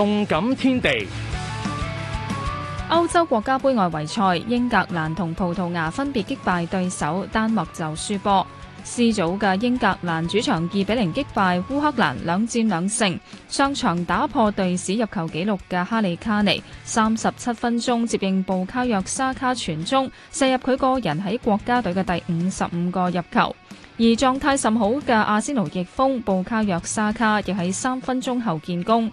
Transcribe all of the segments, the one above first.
動感天地。歐洲國家盃外圍賽，英格蘭同葡萄牙分別擊敗對手，丹麥就輸波。C 組嘅英格蘭主場二比零擊敗烏克蘭，兩戰兩勝。上場打破隊史入球紀錄嘅哈利卡尼，三十七分鐘接應布卡約沙卡傳中，射入佢個人喺國家隊嘅第五十五個入球。而狀態甚好嘅阿仙奴翼鋒，布卡約沙卡亦喺三分鐘後建功。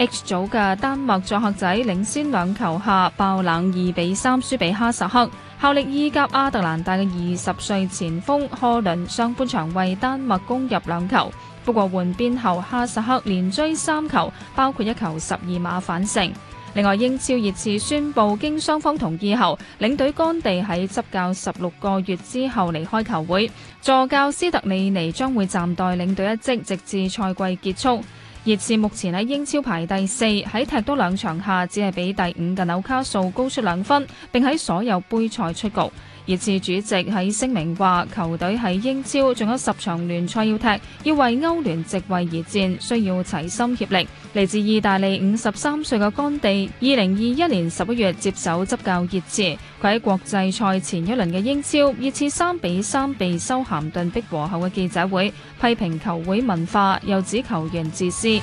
H 組嘅丹麥作客，在領先兩球下，爆冷二比三輸俾哈薩克，效力意甲阿特蘭大嘅二十歲前鋒科倫上半場為丹麥攻入兩球，不過換邊後哈薩克連追三球，包括一球十二碼反勝。另外英超熱刺宣布經雙方同意後，領隊干地喺執教十六個月之後離開球會，助教斯特里尼將會暫代領隊一職，直至賽季結束。熱刺目前喺英超排第四，喺踢多兩場下，只係比第五嘅紐卡素高出兩分，並喺所有杯賽出局。熱刺主席喺聲明話：球隊喺英超仲有十場聯賽要踢，要為歐聯席位而戰，需要齊心協力。嚟自意大利五十三歲嘅干地，二零二一年十一月接手執教熱刺。佢喺國際賽前一輪嘅英超熱刺三比三被修咸頓逼和後嘅記者會，批評球會文化，又指球員自私。